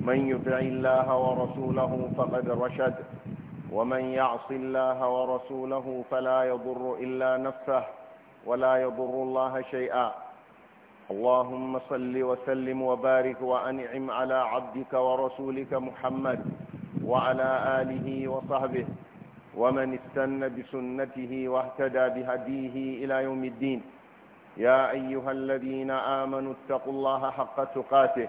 من يطع الله ورسوله فقد رشد ومن يعص الله ورسوله فلا يضر إلا نفسه ولا يضر الله شيئا اللهم صل وسلم وبارك وأنعم على عبدك ورسولك محمد وعلى آله وصحبه ومن استن بسنته واهتدى بهديه إلى يوم الدين يا أيها الذين آمنوا اتقوا الله حق تقاته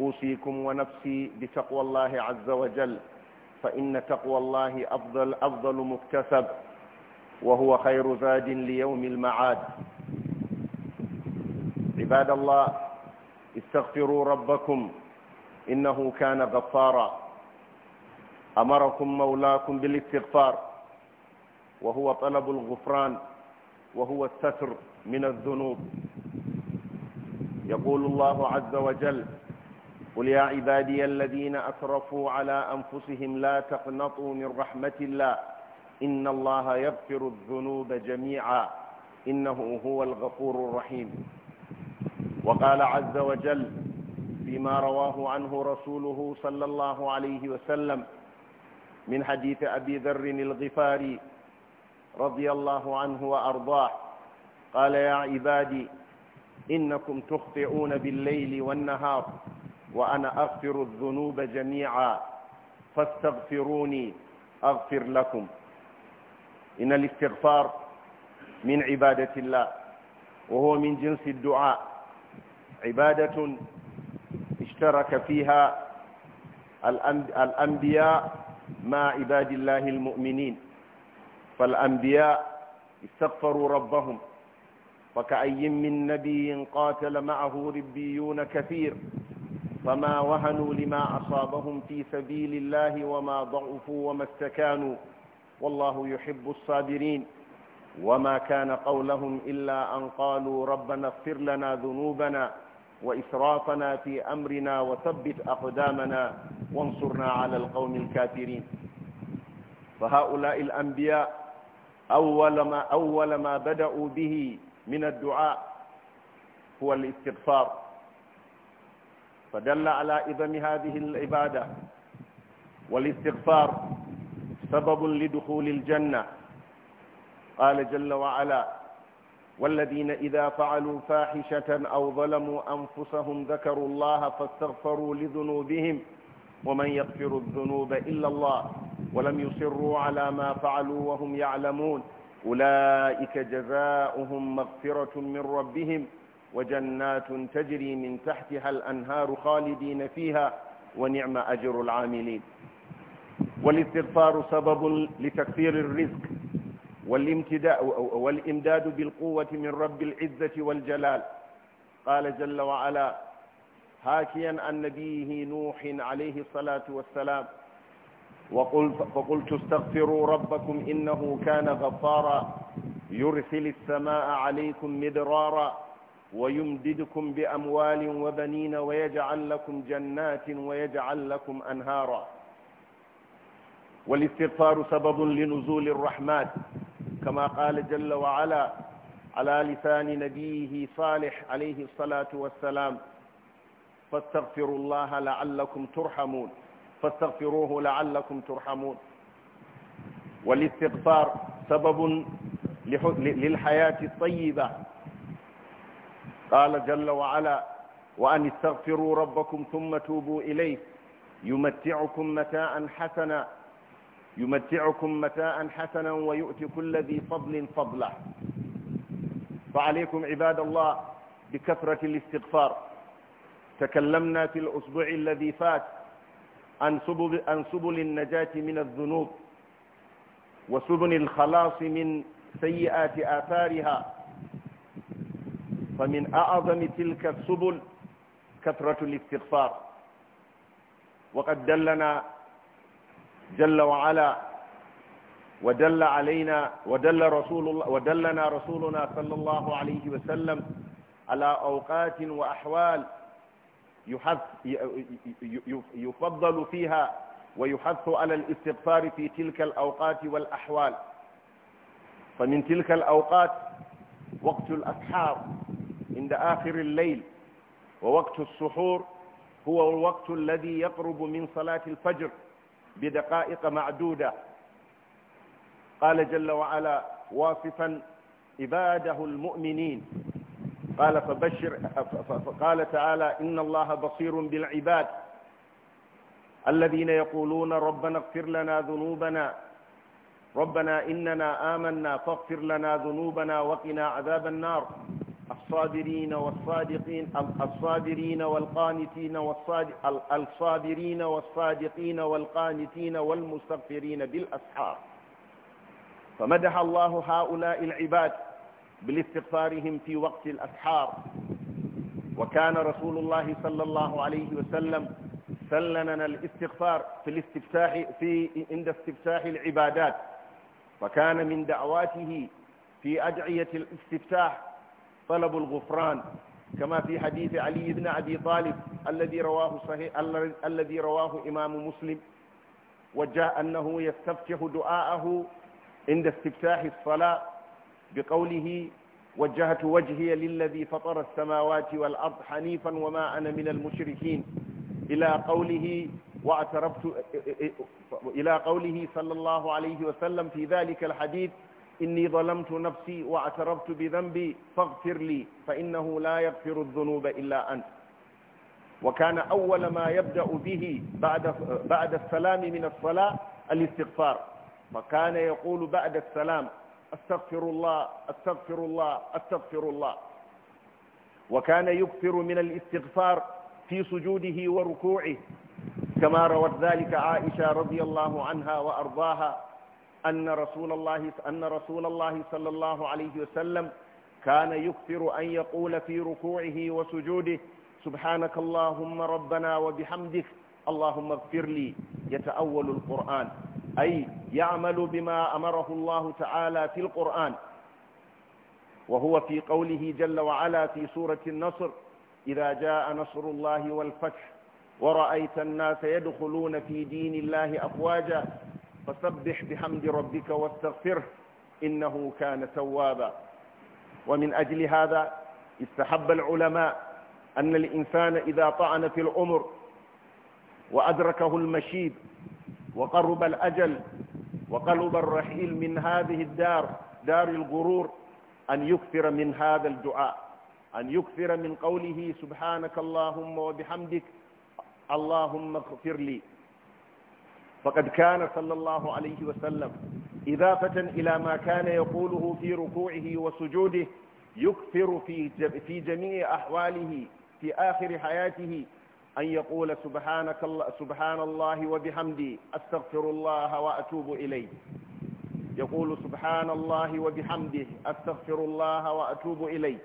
أوصيكم ونفسي بتقوى الله عز وجل فإن تقوى الله أفضل أفضل مكتسب وهو خير زاد ليوم المعاد عباد الله استغفروا ربكم إنه كان غفارا أمركم مولاكم بالاستغفار وهو طلب الغفران وهو الستر من الذنوب يقول الله عز وجل قل يا عبادي الذين أسرفوا على أنفسهم لا تقنطوا من رحمة الله إن الله يغفر الذنوب جميعا إنه هو الغفور الرحيم وقال عز وجل فيما رواه عنه رسوله صلى الله عليه وسلم من حديث أبي ذر الغفاري رضي الله عنه وأرضاه قال يا عبادي إنكم تخطئون بالليل والنهار وأنا أغفر الذنوب جميعا فاستغفروني أغفر لكم إن الاستغفار من عبادة الله وهو من جنس الدعاء عبادة اشترك فيها الأنبياء مع عباد الله المؤمنين فالأنبياء استغفروا ربهم وكأي من نبي قاتل معه ربيون كثير فما وهنوا لما أصابهم في سبيل الله وما ضعفوا وما استكانوا والله يحب الصابرين وما كان قولهم إلا أن قالوا ربنا اغفر لنا ذنوبنا وإسرافنا في أمرنا وثبت أقدامنا وانصرنا على القوم الكافرين فهؤلاء الأنبياء أول ما, أول ما بدأوا به من الدعاء هو الاستغفار فدل على إذن هذه العبادة والاستغفار سبب لدخول الجنة قال جل وعلا والذين إذا فعلوا فاحشة أو ظلموا أنفسهم ذكروا الله فاستغفروا لذنوبهم ومن يغفر الذنوب إلا الله ولم يصروا على ما فعلوا وهم يعلمون أولئك جزاؤهم مغفرة من ربهم وجنات تجري من تحتها الأنهار خالدين فيها ونعم أجر العاملين والاستغفار سبب لتكثير الرزق والإمداد بالقوة من رب العزة والجلال قال جل وعلا حاكيا عن نبيه نوح عليه الصلاة والسلام وقل فقلت استغفروا ربكم إنه كان غفارا يرسل السماء عليكم مدرارا ويمددكم بأموال وبنين ويجعل لكم جنات ويجعل لكم أنهارا والاستغفار سبب لنزول الرحمات كما قال جل وعلا على لسان نبيه صالح عليه الصلاة والسلام فاستغفروا الله لعلكم ترحمون فاستغفروه لعلكم ترحمون والاستغفار سبب للحياة الطيبة قال جل وعلا وأن استغفروا ربكم ثم توبوا إليه يمتعكم متاعا حسنا يمتعكم متاعا حسنا ويؤتي كل ذي فضل فضله فعليكم عباد الله بكثرة الاستغفار تكلمنا في الأسبوع الذي فات عن سبل, عن سبل النجاة من الذنوب وسبل الخلاص من سيئات آثارها فمن أعظم تلك السبل كثرة الاستغفار وقد دلنا جل وعلا ودل علينا ودل رسول الله ودلنا رسولنا صلى الله عليه وسلم على أوقات وأحوال يفضل فيها ويحث على الاستغفار في تلك الأوقات والأحوال فمن تلك الأوقات وقت الأسحار عند آخر الليل ووقت السحور هو الوقت الذي يقرب من صلاة الفجر بدقائق معدودة قال جل وعلا واصفا عباده المؤمنين قال فبشر قال تعالى إن الله بصير بالعباد الذين يقولون ربنا اغفر لنا ذنوبنا ربنا إننا آمنا فاغفر لنا ذنوبنا وقنا عذاب النار الصابرين والصادقين الصابرين والقانتين الصابرين والصادقين والقانتين والمستغفرين بالأسحار فمدح الله هؤلاء العباد بالاستغفارهم في وقت الأسحار وكان رسول الله صلى الله عليه وسلم سلمنا الاستغفار في الاستفتاح في عند استفتاح العبادات فكان من دعواته في أدعية الاستفتاح طلب الغفران كما في حديث علي بن أبي طالب الذي رواه صحيح الذي رواه إمام مسلم وجاء أنه يستفتح دعاءه عند استفتاح الصلاة بقوله وجهت وجهي للذي فطر السماوات والأرض حنيفا وما أنا من المشركين إلى قوله واعترفت إلى قوله صلى الله عليه وسلم في ذلك الحديث إني ظلمت نفسي واعترفت بذنبي فاغفر لي فإنه لا يغفر الذنوب إلا أنت وكان أول ما يبدأ به بعد, بعد السلام من الصلاة الاستغفار فكان يقول بعد السلام أستغفر الله أستغفر الله أستغفر الله وكان يكثر من الاستغفار في سجوده وركوعه كما روت ذلك عائشة رضي الله عنها وأرضاها أن رسول الله أن رسول الله صلى الله عليه وسلم كان يكثر أن يقول في ركوعه وسجوده سبحانك اللهم ربنا وبحمدك اللهم اغفر لي يتأول القرآن أي يعمل بما أمره الله تعالى في القرآن وهو في قوله جل وعلا في سورة النصر إذا جاء نصر الله والفتح ورأيت الناس يدخلون في دين الله أفواجا فسبح بحمد ربك واستغفره إنه كان توابا ومن أجل هذا استحب العلماء أن الإنسان إذا طعن في العمر وأدركه المشيب وقرب الأجل وقلب الرحيل من هذه الدار دار الغرور أن يكثر من هذا الدعاء أن يكثر من قوله سبحانك اللهم وبحمدك اللهم اغفر لي فقد كان صلى الله عليه وسلم إضافة إلى ما كان يقوله في ركوعه وسجوده يكثر في في جميع أحواله في آخر حياته أن يقول سبحانك الله سبحان الله وبحمدي أستغفر الله وأتوب إليه يقول سبحان الله وبحمده أستغفر الله وأتوب إليه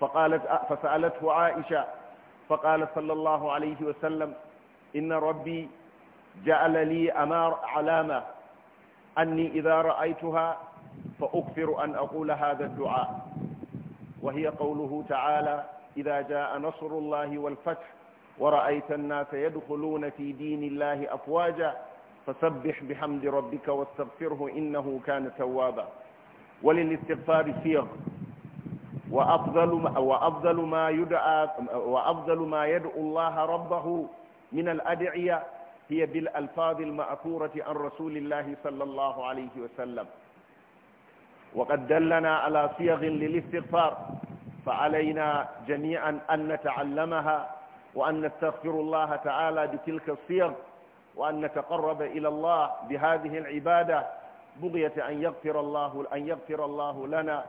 فقالت فسألته عائشة فقال صلى الله عليه وسلم إن ربي جعل لي أمار علامة أني إذا رأيتها فأكثر أن أقول هذا الدعاء وهي قوله تعالى إذا جاء نصر الله والفتح ورأيت الناس يدخلون في دين الله أفواجا فسبح بحمد ربك واستغفره إنه كان توابا وللاستغفار سيغ وأفضل ما, وأفضل ما يدعى وأفضل ما يدعو الله ربه من الأدعية هي بالألفاظ المأثورة عن رسول الله صلى الله عليه وسلم وقد دلنا على صيغ للاستغفار فعلينا جميعا أن نتعلمها وأن نستغفر الله تعالى بتلك الصيغ وأن نتقرب إلى الله بهذه العبادة بغية أن يغفر الله أن يغفر الله لنا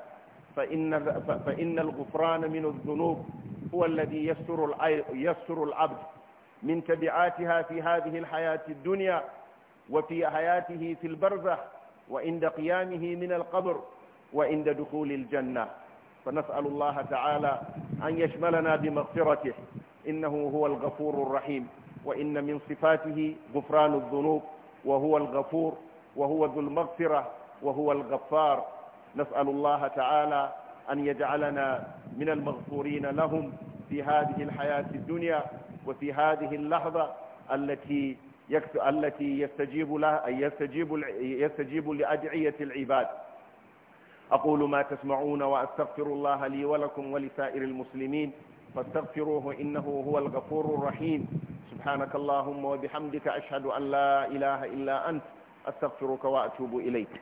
فإن فإن الغفران من الذنوب هو الذي يستر يستر العبد من تبعاتها في هذه الحياة الدنيا وفي حياته في البرزخ وعند قيامه من القبر وعند دخول الجنة فنسأل الله تعالى أن يشملنا بمغفرته إنه هو الغفور الرحيم وإن من صفاته غفران الذنوب وهو الغفور وهو ذو المغفرة وهو الغفار نسأل الله تعالى أن يجعلنا من المغفورين لهم في هذه الحياة الدنيا وفي هذه اللحظة التي التي يستجيب لها يستجيب يستجيب لأدعية العباد أقول ما تسمعون وأستغفر الله لي ولكم ولسائر المسلمين فاستغفروه إنه هو الغفور الرحيم سبحانك اللهم وبحمدك أشهد أن لا إله إلا أنت أستغفرك وأتوب إليك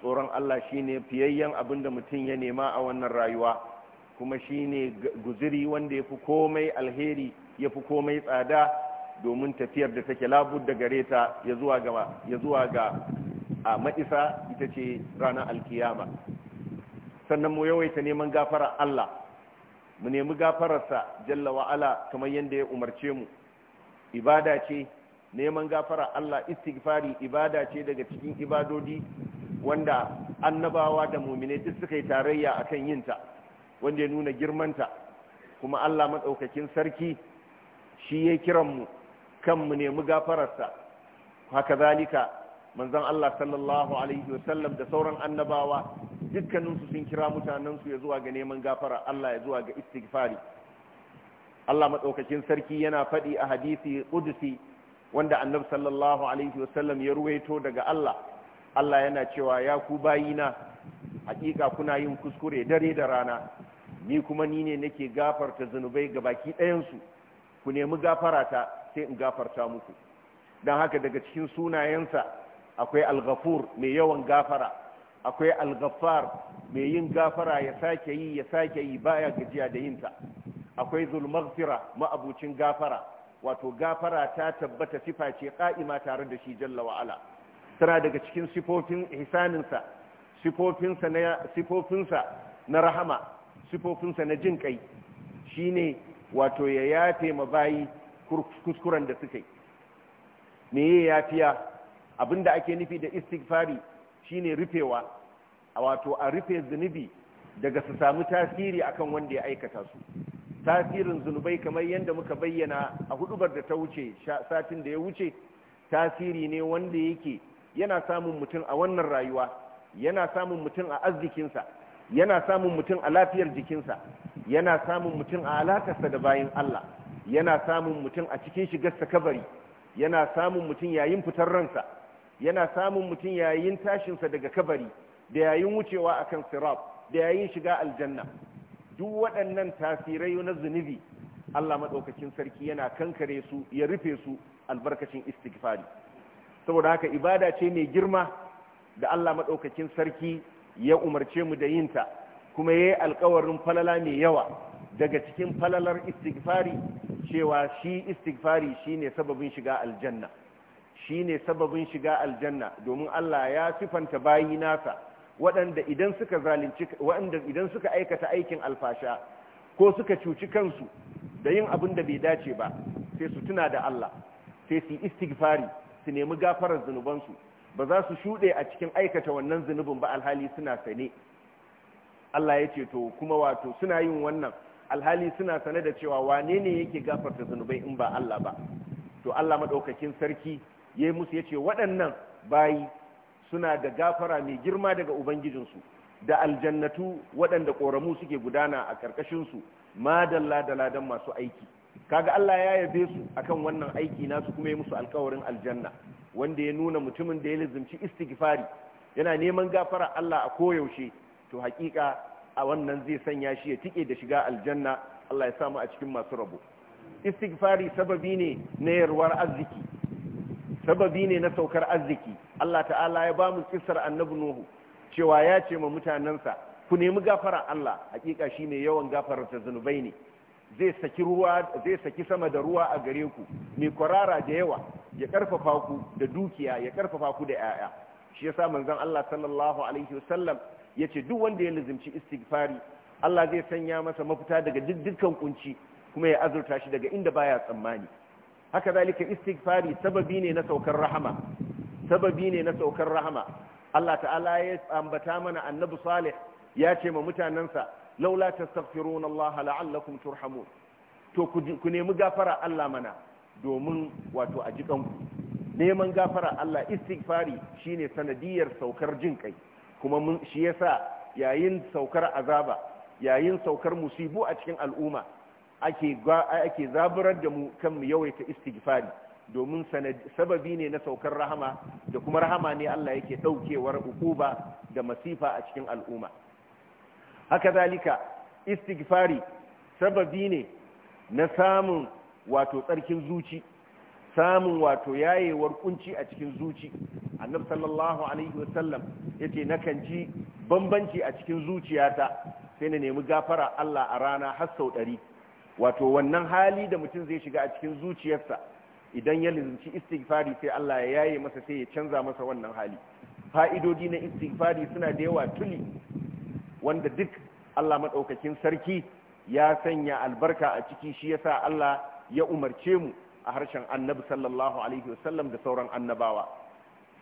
tsoron Allah shine fiyayyen abin da mutum ya nema a wannan rayuwa kuma shine guziri wanda ya fi komai alheri ya fi komai tsada domin tafiyar da take labud da gare ta ya zuwa ga a maisa ita ce ranar alkiyama sannan mu yawaita neman gafara Allah mu nemi gafararsa jalla wa'ala kamar yadda ya umarce mu ibada ce neman gafara Allah istighfari ibada ce daga cikin ibadodi wanda annabawa da muminai duk suka yi tarayya akan yinta wanda ya nuna girmanta kuma Allah maɗaukakin sarki shi ya kiranmu kanmu nemi gafararsa haka zalika manzon Allah sallallahu alaihi wasallam da sauran annabawa dukkaninsu sun kira mutanensu ya zuwa ga neman gafara Allah ya zuwa ga istighfari Allah maɗaukakin sarki yana faɗi a hadisi ƙudusi wanda annab sallallahu alaihi wasallam ya ruwaito daga Allah Allah yana cewa ya ku bayina hakika kuna yin kuskure dare da rana ni kuma ni ne nake gafarta zunubai ga baki ɗayansu ku nemi gafarata sai in gafarta muku don haka daga cikin sunayensa akwai algafur mai yawan gafara akwai algafar mai yin gafara ya sake yi ya sake yi baya gajiya da yinta akwai zulmaghfira ma'abucin gafara wato gafara ta tabbata sifa ce ka'ima tare da shi jalla wa'ala tana daga cikin sifofin ihsaninsa sifofinsa na sifofinsa na rahama sifofinsa na jin kai shine wato ya yafe ma bayi kuskuren da suka yi me ya yafiya abinda ake nufi da istighfari shine rufewa wato a rufe zunubi daga su samu tasiri akan wanda ya aikata su tasirin zunubai kamar yadda muka bayyana a hudubar da ta wuce satin da ya wuce tasiri ne wanda yake yana samun mutum a wannan rayuwa yana samun mutum a arzikinsa yana samun mutum a lafiyar jikinsa yana samun mutum a alakarsa da bayan Allah yana samun mutum a cikin shigarsa kabari yana samun mutum yayin fitar ransa yana samun mutum yayin tashinsa daga kabari da yayin wucewa a kan sirab da yayin shiga aljanna duk waɗannan tasirai na zunubi Allah maɗaukakin sarki yana kankare su ya rufe su albarkacin istighfari saboda haka ibada ce mai girma da Allah maɗaukakin sarki ya umarce mu da yinta kuma ya yi alkawarin falala mai yawa daga cikin falalar istighfari cewa shi istighfari shine sababin shiga aljanna shine sababin shiga aljanna domin Allah ya sifanta bayi nasa waɗanda idan suka zalunci waɗanda idan suka aikata aikin alfasha ko suka cuci kansu da yin abin da bai dace ba sai su tuna da Allah sai su istighfari su nemi gafarar zunubansu ba za su shuɗe a cikin aikata wannan zunubin ba alhali suna sane Allah ya ce to kuma wato suna yin wannan alhali suna sane da cewa wane ne yake gafarta zunubai in ba Allah ba to Allah maɗaukakin sarki yayi musu yace waɗannan bayi suna da gafara mai girma daga ubangijinsu da aljannatu waɗanda ƙoramu suke gudana a ƙarƙashinsu ma dalla da ladan masu aiki kaga Allah ya yabe su akan wannan aiki nasu kuma ya musu alkawarin aljanna wanda ya nuna mutumin da ya lazimci istighfari yana neman gafara Allah a koyaushe to haƙiƙa a wannan zai sanya shi ya tike da shiga aljanna Allah ya samu a cikin masu rabo istighfari sababi ne na yarwar arziki sababi ne na saukar arziki Allah ta'ala ya bamu kissar annabi Nuhu cewa ya ce ma mutanansa ku nemi gafara Allah hakika shine yawan gafarar ta zunubai ne zai saki sama da ruwa a gare ku mai kwarara da yawa ya karfafa ku da dukiya ya karfafa ku da yaya shi ya yasa zan Allah sallallahu alaihi wasallam yace duk wanda ya lizimci istighfari Allah zai sanya masa mafita daga dukkan kunci kuma ya azurta shi daga inda baya tsammani haka zalika istighfari sababi ne na saukar rahama sababi ne na saukar rahama Allah ta'ala ya ambata mana annabi salih ya ce ma mutanansa laula ta tastaghfiruna Allah la'allakum turhamu to ku nemi gafara Allah mana domin wato a jikanku neman gafara Allah istighfari shine sanadiyar saukar jin kai kuma shi yasa yayin saukar azaba yayin saukar musibu a cikin al'umma ake ake zaburar da mu kan mu yawaita istighfari domin sababi ne na saukar rahama da kuma rahama ne Allah yake daukewar ukuba da masifa a cikin al'umma haka zalika istighfari sababi ne na samun wato tsarkin zuci samun wato yayewar kunci a cikin zuci annabi sallallahu alaihi wasallam yace nakan ji bambanci a cikin zuciyata sai na nemi gafara Allah a rana har sau ɗari wato wannan hali da mutum zai shiga a cikin zuciyarsa idan ya lizinci istighfari sai Allah ya yaye masa sai ya canza masa wannan hali fa'idodi na istighfari suna da yawa tuli wanda duk Allah maɗaukakin sarki ya sanya albarka a ciki shi yasa Allah ya umarce mu a harshen annabi sallallahu alaihi wasallam da sauran annabawa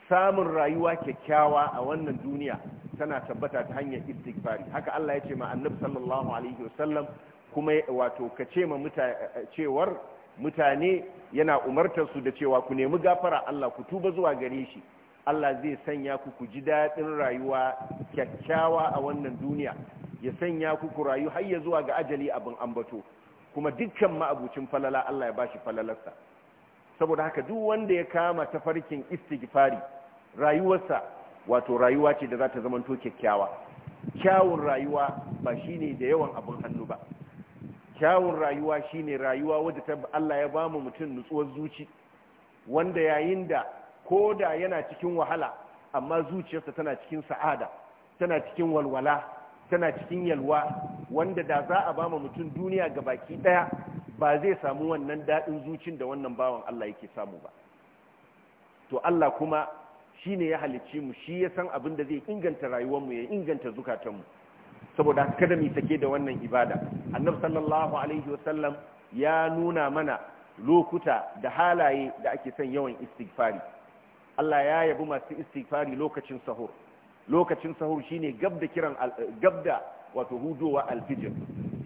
samun rayuwa kyakkyawa a wannan duniya tana tabbata ta hanyar istighfari haka Allah ya ce ma annabi sallallahu alaihi wasallam kuma wato ka ce ma cewar mutane yana umartar su da cewa ku nemi gafara Allah ku tuba zuwa gare shi Allah zai sanya ku ku ji daɗin rayuwa kyakkyawa a wannan duniya ya sanya ku ku rayu har ya zuwa ga ajali abin ambato kuma dukkan ma'abucin falala Allah ya bashi falalarsa saboda haka duk wanda ya kama tafarkin istighfari rayuwarsa wato rayuwa ce da za ta zama kyakkyawa kyawun rayuwa ba shine da yawan abin hannu ba kyawun rayuwa shine rayuwa wadda Allah ya ba mu mutum nutsuwar zuci wanda yayin da ko da yana cikin wahala amma zuciyarsa tana cikin sa'ada tana cikin walwala tana cikin yalwa wanda da za a bama mutum duniya ga baki daya ba zai samu wannan daɗin zucin da wannan bawan Allah yake samu ba to Allah kuma shi ne ya halicci mu shi ya san abin da zai inganta rayuwarmu ya inganta zukatanmu saboda kada mu sake da wannan ibada annabi sallallahu alaihi wasallam ya nuna mana lokuta da halaye da ake son yawan istighfari Allah ya yabi masu istighfari lokacin sahur lokacin sahur shine gabda da kiran gab wato hudowa alfijir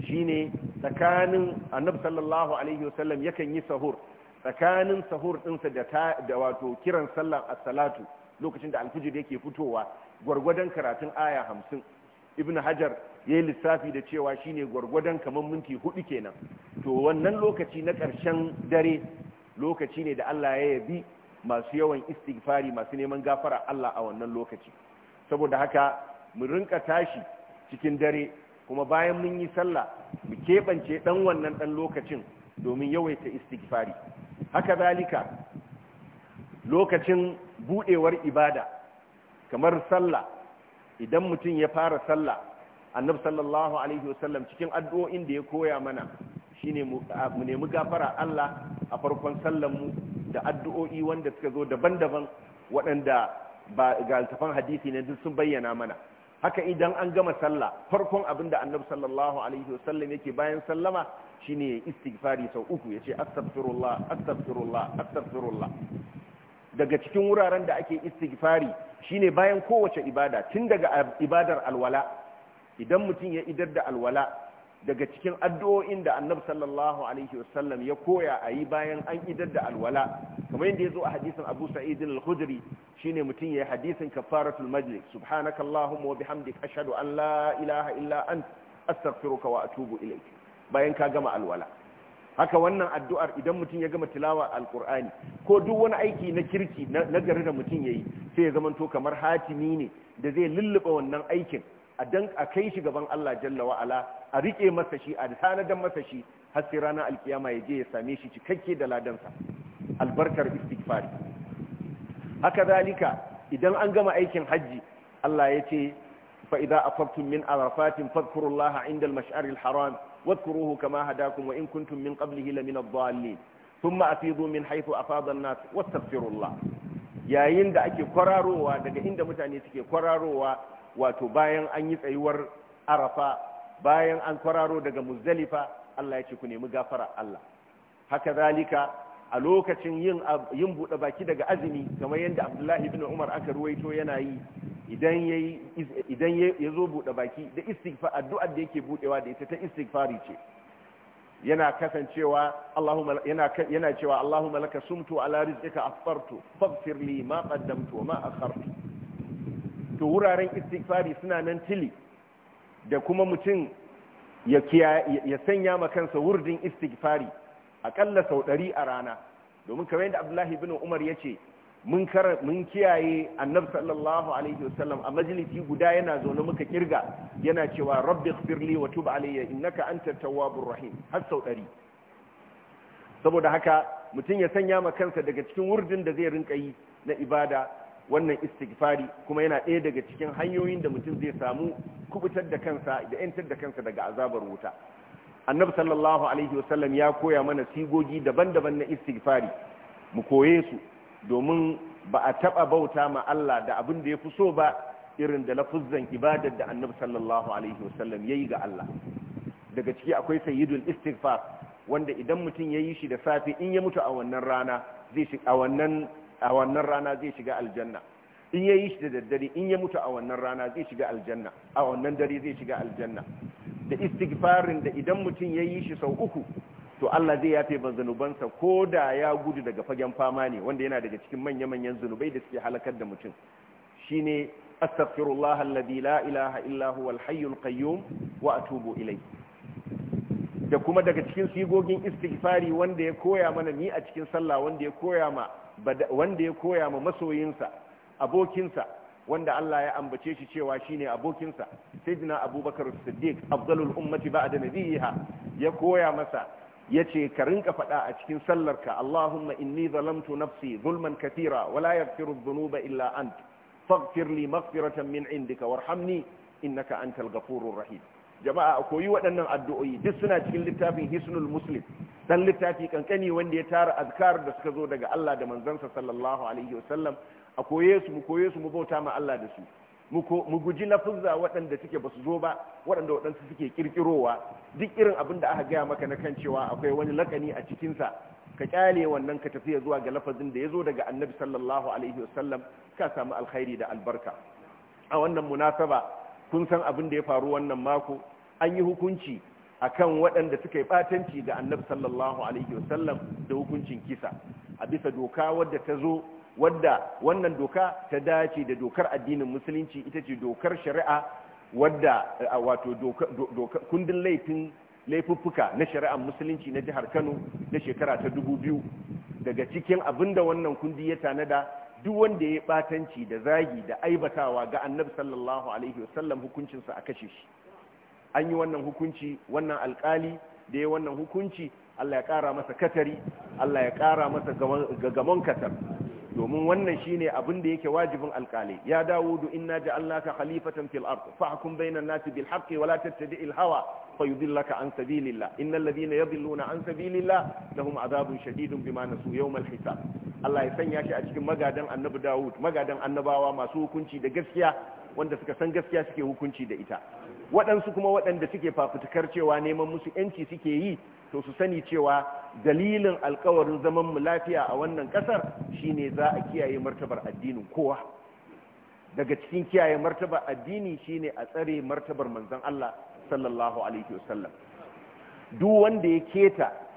shine tsakanin annab sallallahu alaihi wasallam yakan yi sahur tsakanin sahur dinsa da da wato kiran sallar as-salatu lokacin da alfijir yake fitowa gwargwadon karatun aya hamsin ibnu hajar ya lissafi da cewa shine gwargwadon kamar minti hudu kenan to wannan lokaci na ƙarshen dare lokaci ne da allah ya yabi masu yawan istighfari masu neman gafara Allah a wannan lokaci saboda haka mu rinka tashi cikin dare kuma bayan mun yi sallah mu keɓance ɗan wannan ɗan lokacin domin yawaita istighfari haka zalika lokacin buɗewar ibada kamar sallah idan mutum ya fara sallah annab sallallahu alaihi wasallam cikin addu'o'in da ya koya mana shine mu nemi gafara Allah a farkon sallan mu da addu'o'i wanda suka zo daban-daban waɗanda ba ga altafan hadisi ne duk sun bayyana mana haka idan an gama sallah farkon abin da annabi sallallahu alaihi wasallam yake bayan sallama shine istighfari sau uku yace astaghfirullah astaghfirullah astaghfirullah daga cikin wuraren da ake istighfari shine bayan kowace ibada tun daga ibadar alwala idan mutum ya idar da alwala daga cikin addu'o'in da annabi sallallahu alaihi wasallam ya koya a yi bayan an idar da alwala kamar yadda ya zo a hadisin abu sa'id al-khudri shine mutum yi hadisin kafaratul majlis subhanaka allahumma wa bihamdik ashhadu an la ilaha illa ant astaghfiruka wa atubu ilayk bayan ka gama alwala haka wannan addu'ar idan mutum ya gama tilawa alqur'ani ko duk wani aiki na kirki na gari da mutum ya yi sai ya zamanto kamar hatimi ne da zai lulluɓe wannan aikin a dan a kai shi gaban Allah jalla wa'ala a rike masa shi a tanadan masa shi har sai ranar alkiyama ya je ya same shi cikakke da ladansa albarkar istighfari haka zalika idan an gama aikin hajji Allah ya ce fa idza afartum min arafatin fadhkurullaha inda al-mash'aril haram واذكروه كما هداكم وإن كنتم من قبله لمن الضالين ثم أفيضوا من حيث أفاض الناس واستغفروا الله yayin da ake kwararowa daga inda mutane suke kwararowa wato bayan an yi tsayuwar arafa bayan an kwararo daga muzdalifa Allah ya ce ku nemi gafara Allah haka zalika a lokacin yin buɗe baki daga azumi kamar yadda Abdullahi ibn Umar aka ruwaito yana yi idan ya zo yazo baki da istighfar addu'ar da yake buɗewa da ita ta istighfari ce yana kasancewa Allahumma yana yana cewa Allahumma laka sumtu ala rizqika afartu faghfir li ma qaddamtu wa ma akhartu to wuraren istighfari suna nan tili da kuma mutum ya ya sanya ma kansa wurdin istighfari akalla sau ɗari a rana domin kamar yadda Abdullahi bin Umar ya ce mun kiyaye annabi sallallahu alaihi wasallam a majalisi guda yana zaune muka kirga yana cewa rabbi ighfirli wa tub alayya innaka antat tawwabur rahim har sau ɗari. saboda haka mutum ya sanya ma kansa daga cikin wurdin da zai rinka yi na ibada wannan istighfari kuma yana ɗaya daga cikin hanyoyin da mutum zai samu kubutar da kansa da yantar da kansa daga azabar wuta annabi sallallahu alaihi wasallam ya koya mana sigogi daban-daban na istighfari mu koye su domin ba a taba bauta ma Allah da abin da ya fi so ba irin da lafuzzan ibadar da annabi sallallahu alaihi wasallam yayi ga Allah daga ciki akwai sayyidul istighfar wanda idan mutum yayi shi da safi in ya mutu a wannan rana zai shi a wannan a wannan rana zai shiga aljanna in ya yi shi da daddare in ya mutu a wannan rana zai shiga aljanna a wannan dare zai shiga aljanna da istighfarin da idan mutum ya yi shi sau uku to Allah zai yafe ban zanubansa ko da ya gudu daga fagen fama ne wanda yana daga cikin manya-manyan zanubai da suke halakar da mutum shine astaghfirullah alladhi la ilaha illa huwal hayyul qayyum wa atubu ilayhi da kuma daga cikin sigogin istighfari wanda ya koya mana ni a cikin sallah wanda ya koya ma wanda ya koya ma masoyinsa abokinsa wanda Allah ya ambace shi cewa shine abokinsa sayyidina abubakar siddiq afdalul ummati ba'da nabiyha ya koya masa yace ka rinka fada a cikin sallarka Allahumma inni zalamtu nafsi zulman katira wa la yaghfiru dhunuba illa ant faghfir li maghfiratan min indika warhamni innaka antal ghafurur rahim jama'a a koyi waɗannan addu'o'i duk suna cikin littafin hisnul muslim dan littafi kankani wanda ya tara azkar da suka zo daga Allah da manzansa sallallahu alaihi wasallam a koye su mu koye su mu bauta ma Allah da su mu guji lafuzza waɗanda suke ba su zo ba waɗanda waɗansu suke kirkirowa duk irin abin da aka gaya maka na kan cewa akwai wani lakani a cikinsa ka kyale wannan ka tafiya zuwa ga lafazin da ya zo daga annabi sallallahu alaihi wasallam ka samu alkhairi da albarka a wannan munasaba kun san abin da ya faru wannan mako an yi hukunci akan waɗanda suka yi ɓatanci ga annabi sallallahu alaihi wasallam da hukuncin kisa a bisa doka wadda ta zo wadda wannan doka ta dace da dokar addinin musulunci ita ce dokar shari'a wadda a wato kundin laifin laifuffuka na shari'ar musulunci na jihar kano na shekara ta dubu biyu daga cikin abin da wannan kundi ya tanada duk wanda ya batanci da zagi da aibatawa ga annabi sallallahu alaihi wasallam hukuncinsa a kashe shi an yi wannan hukunci wannan alkali da ya wannan hukunci Allah ya kara masa katari Allah ya kara masa gagamon katar domin wannan shine abin da yake wajibin alkali ya dawo dawudu inna ja'alnaka khalifatan fil ard fahkum bainan nasi bil haqqi wa la tattabi'il hawa fayudillaka an sabilillah innal ladhina yadhilluna an sabilillah lahum adhabun shadidun bima nasu yawmal hisab Allah ya sanya shi a cikin magadan annabi Dawud magadan annabawa masu hukunci da gaskiya wanda suka san gaskiya suke hukunci da ita waɗansu kuma waɗanda suke fafutukar cewa neman musu yanci suke yi to su sani cewa dalilin alkawarin zaman mu lafiya a wannan ƙasar shine za a kiyaye martabar addinin kowa daga cikin kiyaye martabar addini shine a tsare martabar manzon Allah sallallahu alaihi wasallam duk wanda ya keta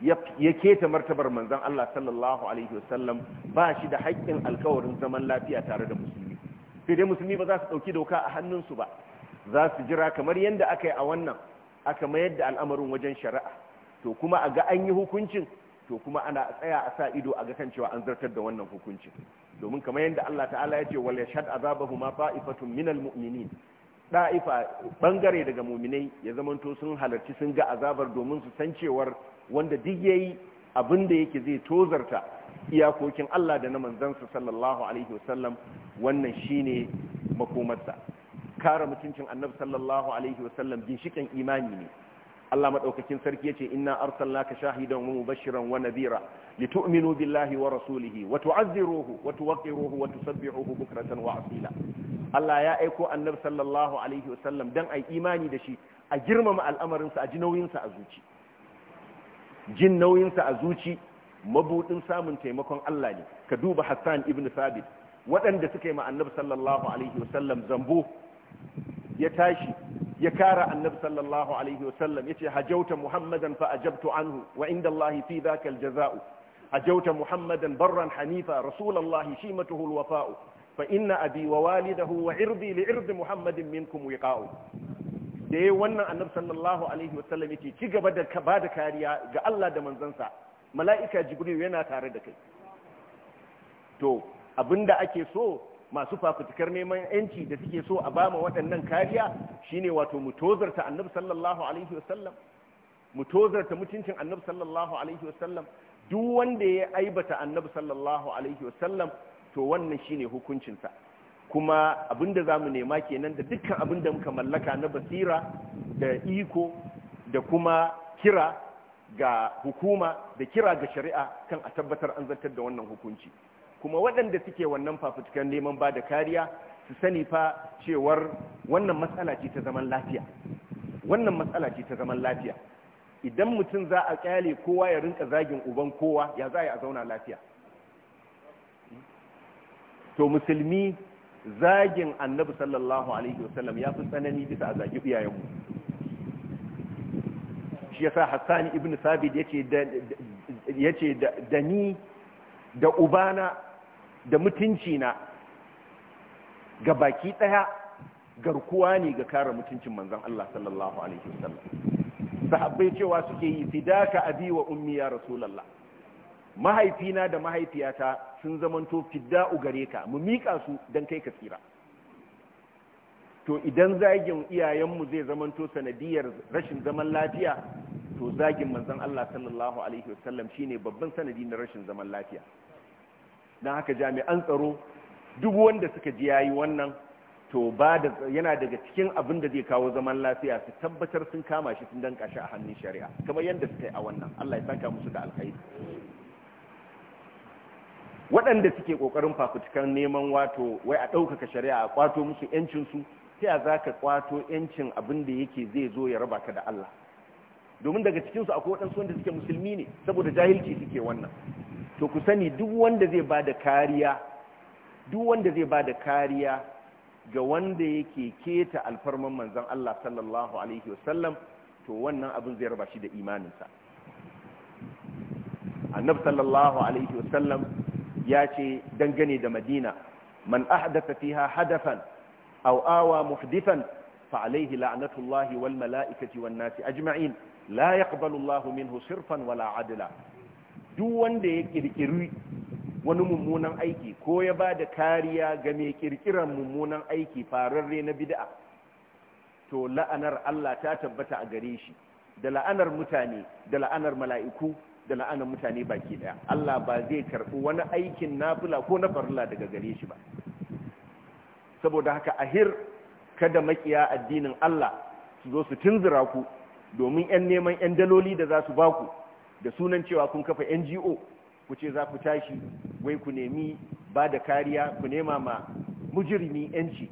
ya keta martabar manzon Allah sallallahu alaihi wasallam ba shi da haƙƙin alkawarin zaman lafiya tare da musulmi sai dai musulmi ba za su ɗauki doka a hannun su ba za su jira kamar yadda aka yi a wannan aka mayar da al'amarin wajen shari'a to kuma a ga an yi hukuncin to kuma ana tsaya a sa ido a ga kan cewa an zartar da wannan hukuncin domin kamar yadda Allah ta'ala ya ce wal yashhad azabahuma fa'ifatun minal mu'minin ɗa'ifa ɓangare daga muminai ya zamanto sun halarci sun ga azabar domin su san cewar wanda duk yayi abin da yake zai tozarta iyakokin Allah da na manzansa sallallahu alaihi wasallam wannan shine makomarsa kare mutuncin annabi sallallahu alaihi wasallam ginshikin imani ne Allah madaukakin sarki yace inna arsalnaka shahidan wa mubashiran wa nadhira litu'minu billahi wa rasulihi wa tu'azziruhu wa tuwaqqiruhu wa tusabbihuhu bukratan wa asila Allah ya aiko annabi sallallahu alaihi wasallam dan ai imani da shi a girmama al'amarinsa a ji nauyinsa a zuci jin nauyinsa a zuci mabudin samun taimakon Allah ne ka duba Hassan ibn Thabit waɗanda suka yi ma annabi sallallahu alaihi wasallam zambo ya tashi ya kara annabi sallallahu alaihi wasallam yace hajauta muhammadan fa ajabtu anhu wa inda Allah fi dhaka aljaza'u hajauta muhammadan barran hanifa rasulullahi shimatuhu alwafa'u fa inna abi wa walidahu wa irdi li irdi muhammadin minkum wiqa'u wannan annabi sallallahu alaihi wa sallam yake ci gaba da ka bada kariya ga Allah da manzansa mala'ika jibril yana tare da kai to abinda ake so masu fafutukar neman yanci da suke so a bama waɗannan kariya shine wato mu tozarta annabi sallallahu alaihi sallam. mu tozarta mutuncin annabi sallallahu alaihi wa sallam. duk wanda ya aibata annabi sallallahu alaihi wa sallam. to wannan shine hukuncinsa kuma abinda za mu nema kenan da dukkan abinda muka mallaka na basira da iko da kuma kira ga hukuma da kira ga shari'a kan a tabbatar an zartar da wannan hukunci kuma waɗanda suke wannan fafutukan neman ba da kariya su sani fa cewar wannan matsala ce ta zaman lafiya wannan matsala ce ta zaman lafiya idan mutum za a kyale kowa ya rinka zagin uban kowa ya za a zauna lafiya to musulmi zagin annabi sallallahu alaihi wasallam ya fi tsanani bisa a zagi iyayenmu shi ya sa hassani ibn sabid ya ce da ni da ubana da mutunci na ga baki ɗaya garkuwa ne ga kare mutuncin manzon Allah sallallahu alaihi wasallam sahabbai cewa suke yi fidaka abi wa ummi ya rasulallah mahaifina da mahaifiyata sun zamanto fidda'u gare ka mu miƙa su don kai ka tsira to idan zagin iyayenmu zai zamanto sanadiyar rashin zaman lafiya to zagin manzon Allah sallallahu alaihi wasallam shine babban sanadi na rashin zaman lafiya don haka jami'an tsaro duk wanda suka ji yayi wannan to ba da yana daga cikin abin da zai kawo zaman lafiya su tabbatar sun kama shi sun danka shi a hannun shari'a kamar yadda suka yi a wannan Allah ya saka musu da alkhairi waɗanda suke ƙoƙarin fafutukan neman wato wai a ɗaukaka shari'a a ƙwato musu yancinsu sai a za ka kwato yancin abin da yake zai zo ya raba ka da Allah domin daga cikinsu akwai waɗansu wanda suke musulmi ne saboda jahilci suke wannan to ku sani duk wanda zai ba da kariya duk wanda zai ba da kariya ga wanda yake keta alfarman manzon Allah sallallahu alaihi wasallam to wannan abin zai raba shi da imaninsa annabi sallallahu alaihi wasallam ya ce dangane da madina man ahdatha fiha hadafan aw awa muhdifan fa alayhi la'natullahi wal mala'ikati wan nasi ajma'in la yaqbalu Allahu minhu sirfan wala adla duk wanda ya kirkiri wani mummunan aiki ko ya ba da kariya ga mai kirkiran mummunan aiki fararre na bid'a to la'anar Allah ta tabbata a gare shi da la'anar mutane da la'anar mala'iku da la'anar mutane baki daya Allah ba zai karɓi wani aikin nafula ko na farilla daga gare shi ba saboda haka ahir kada makiya addinin Allah su zo su tunzura ku domin yan neman yan daloli da za su ba ku da sunan cewa kun kafa NGO ku ce za ku tashi wai ku nemi ba da kariya ku nema ma mujirmi yanci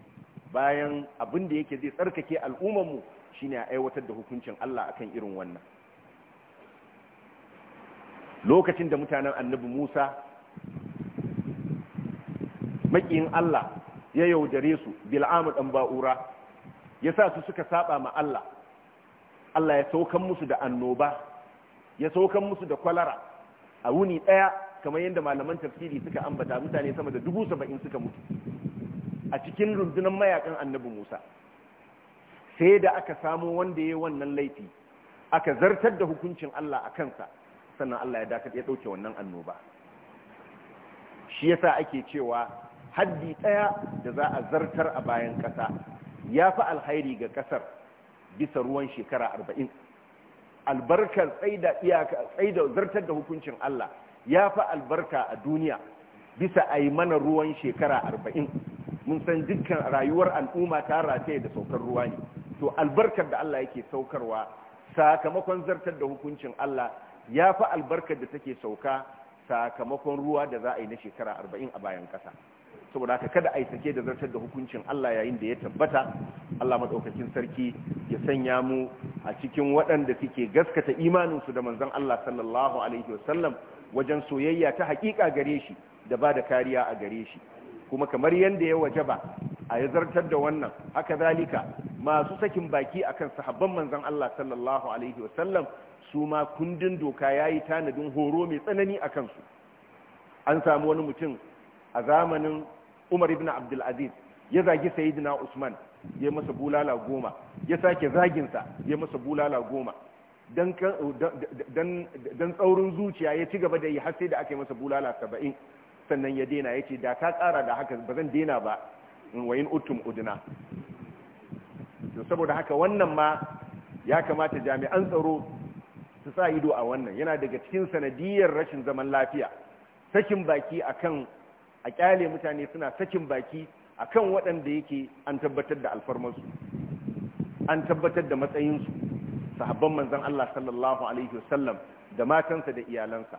bayan abin da yake zai tsarkake al'ummarmu shine a aiwatar da hukuncin Allah akan irin wannan lokacin da mutanen annabi Musa makiyin Allah ya yaudare su bil'amu dan ba'ura ya sa su suka saba ma Allah Allah ya saukan musu da annoba ya saukan musu da kwalara a wuni ɗaya. kamar yadda malaman tafsiri suka ambata mutane sama da dubu saba'in suka mutu a cikin rundunar mayakan annabi Musa sai da aka samu wanda ya wannan laifi aka zartar da hukuncin Allah a kansa sannan Allah ya dakata ya dauke wannan annoba shi yasa ake cewa haddi daya da za a zartar a bayan kasa yafi alhairi ga kasar bisa ruwan shekara 40 albarkar tsaida iyaka tsaida zartar da hukuncin Allah yafi albarka a duniya bisa ai mana ruwan shekara 40 mun san dukkan rayuwar al'umma ta rataye da saukar ruwa ne to albarkar da Allah yake saukarwa sakamakon zartar da hukuncin Allah ya fi albarkar da take sauka sakamakon ruwa da za a yi na shekara arba'in a bayan ƙasa saboda haka kada a yi sake da zartar da hukuncin Allah yayin da ya tabbata Allah maɗaukakin sarki ya sanya mu a cikin waɗanda suke gaskata imaninsu da manzon Allah sallallahu alaihi wasallam wajen soyayya ta haƙiƙa gare shi da ba da kariya a gare shi kuma kamar yadda ya wajaba a ya zartar da wannan haka zalika masu sakin baki akan sahabban manzan Allah sallallahu alaihi wasallam su ma kundin doka ya yi tanadin horo mai tsanani akan su an sami wani mutum a zamanin Umar ibn Abdul Aziz ya zagi sayyidina Usman ya masa bulala goma ya sake zaginsa ya masa bulala goma don tsaurin zuciya ya ci gaba da yi har sai da aka yi masa bulala saba'in sannan ya dina ya ce da ka tsara da haka ba zan dina ba wayin utum uduna to saboda haka wannan ma ya kamata jami'an tsaro su sa ido a wannan yana daga cikin sanadiyar rashin zaman lafiya sakin baki akan a kyale mutane suna sakin baki akan waɗanda yake an tabbatar da alfarmarsu an tabbatar da matsayinsu sahabban manzon Allah sallallahu alaihi wasallam da matansa da iyalansa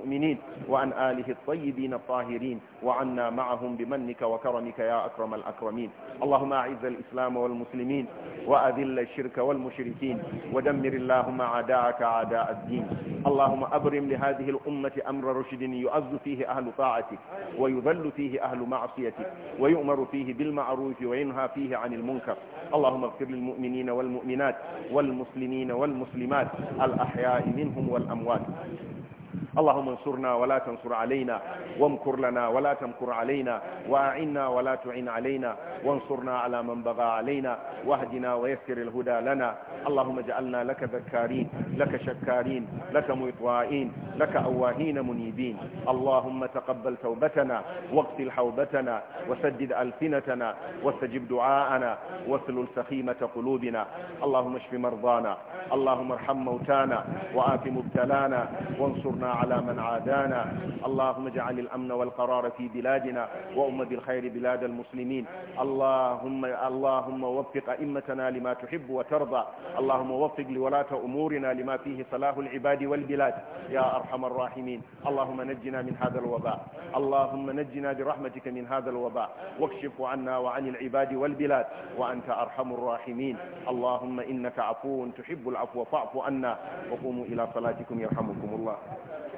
المؤمنين وعن آله الطيبين الطاهرين وعنا معهم بمنك وكرمك يا أكرم الأكرمين اللهم أعز الإسلام والمسلمين وأذل الشرك والمشركين ودمر اللهم عداك عداء الدين اللهم أبرم لهذه الأمة أمر رشد يؤذ فيه أهل طاعتك ويذل فيه أهل معصيتك ويؤمر فيه بالمعروف وينهى فيه عن المنكر اللهم اغفر للمؤمنين والمؤمنات والمسلمين والمسلمات الأحياء منهم والأموات اللهم انصرنا ولا تنصر علينا وامكر لنا ولا تمكر علينا واعنا ولا تعن علينا وانصرنا على من بغى علينا واهدنا ويسر الهدى لنا اللهم اجعلنا لك ذكارين لك شكارين لك مطوائين لك أواهين منيبين اللهم تقبل توبتنا واغسل حوبتنا وسدد ألسنتنا واستجب دعاءنا واسلل سخيمة قلوبنا اللهم اشف مرضانا اللهم ارحم موتانا وآت مبتلانا وانصرنا على من عادانا اللهم اجعل الأمن والقرار في بلادنا وأمة الخير بلاد المسلمين اللهم اللهم وفق أئمتنا لما تحب وترضى اللهم وفق لولاة أمورنا لما فيه صلاح العباد والبلاد يا أرحم الراحمين اللهم نجنا من هذا الوباء اللهم نجنا برحمتك من هذا الوباء واكشف عنا وعن العباد والبلاد وأنت أرحم الراحمين اللهم إنك عفو تحب العفو فاعف عنا وقوموا إلى صلاتكم يرحمكم الله